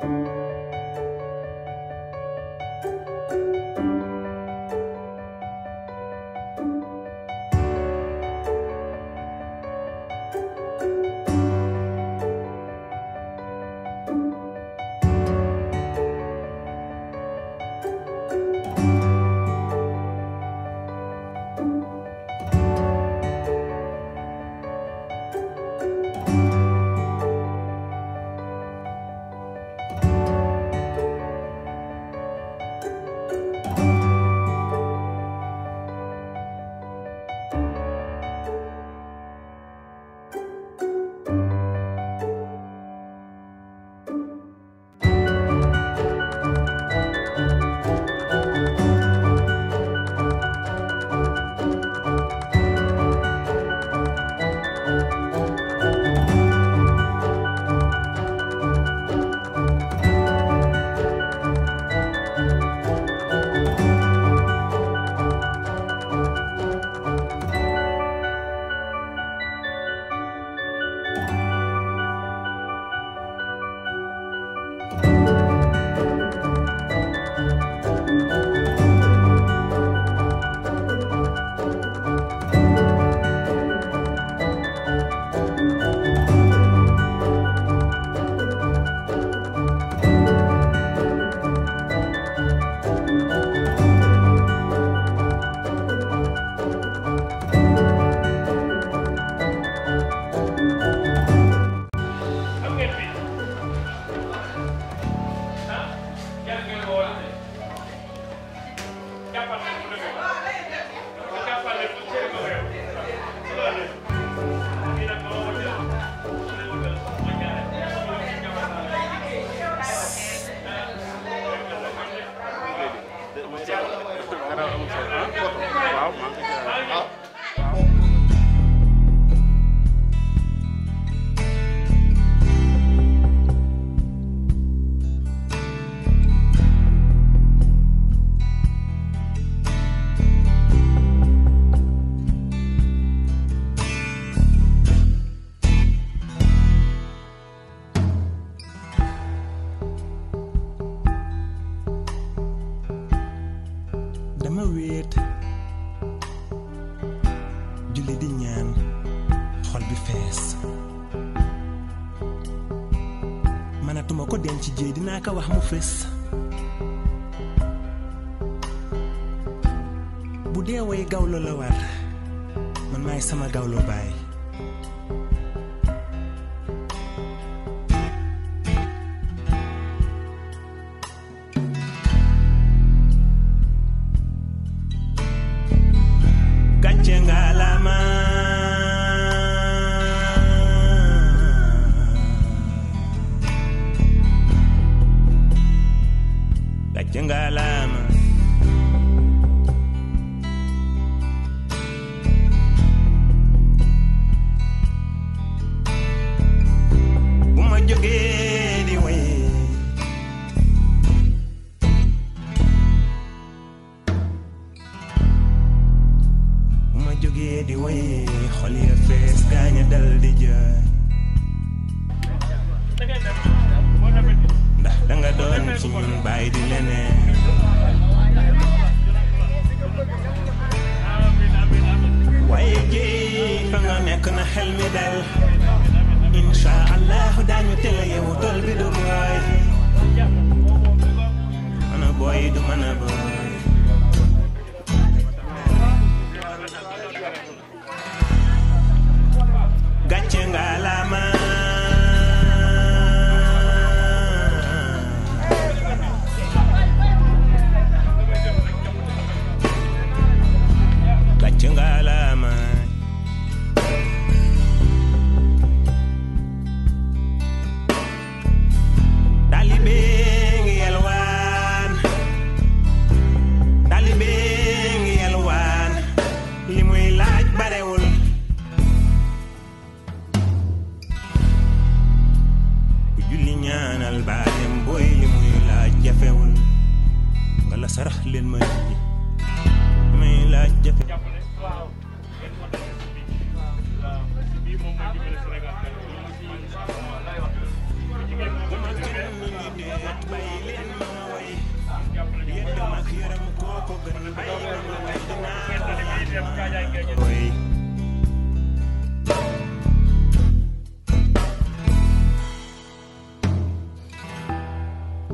Thank you. waaw. naa mu fës bu dee woy la war man maay sama gawlo baay yo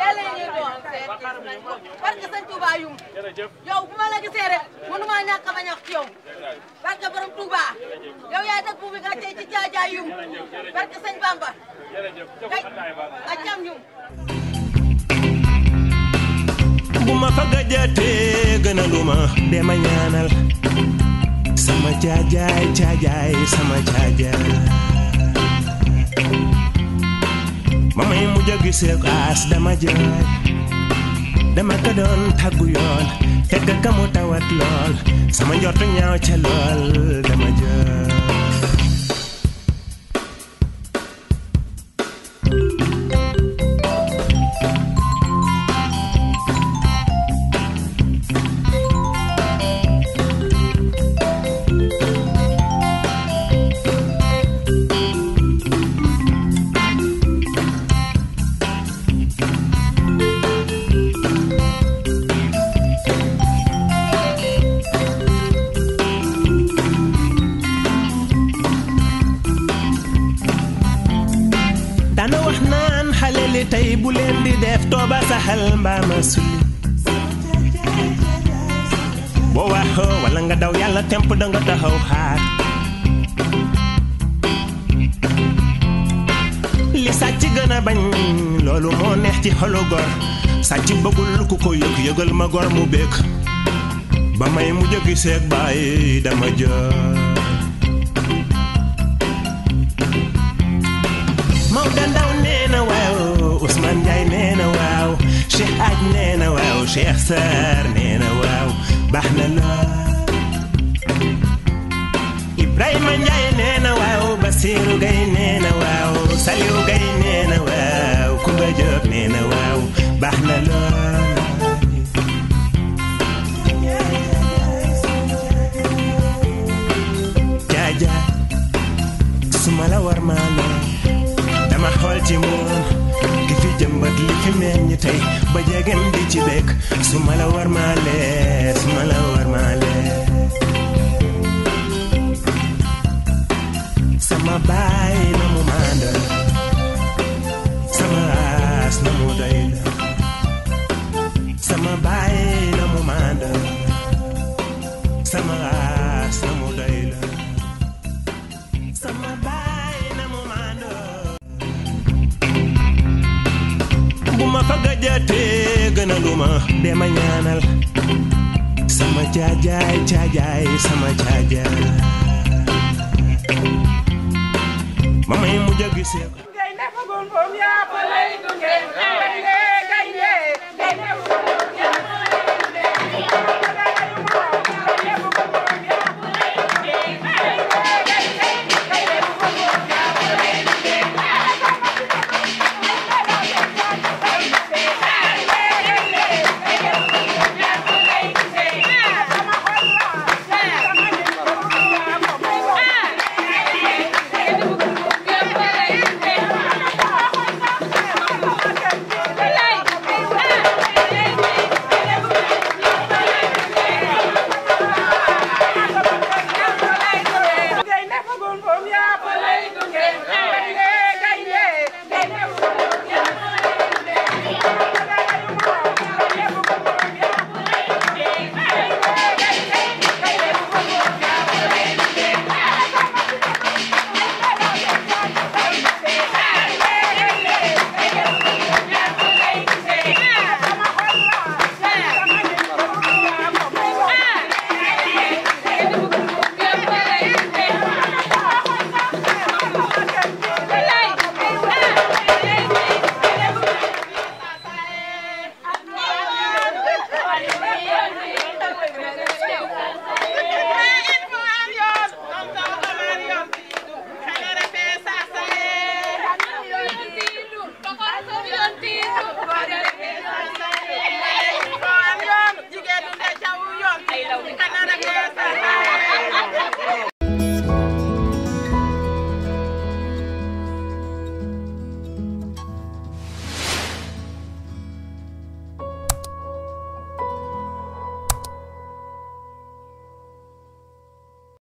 dee lay ñuy doon barke sëñ Touba yum yow bu ma la gisee rek mënuma ñàkk a yow barke Bamba a cam yum bu ma fa gajatee gën a lu ma ñaanal sama jaajaay jaajaay sama jaajaay ma may mujj aas dama jooy dama ko doon tàggu yoon ka mu tawat lool sama njortu ñaaw ca lool dama jooy tooba ya sa xel mbaama sulli boo waxoo wala nga daw yàlla temp da nga taxaw xaar li sàcc gën a bañ loolu moo neex ci xolu gor sàcc bëggul ku ko yëg yëgal ma gor mu béek ba may mu jëgi seeg bàyyi dama jër نينوى وشيخ سار نينوى بحنا إبراهيم جاي نينوى وبصير جاي نينوى وسليو جاي نينوى وكوبا جاب نينوى بحنا لون سمالا ورمالا دمع حولتي مون jëmbat li fi meññ tey ba jegem di ci bekk su ma la war maale su ma la war maale sama baay na mu maandal te gënaluma dema ñaanal sama caajaay caajaay sama caajaay ma may mujj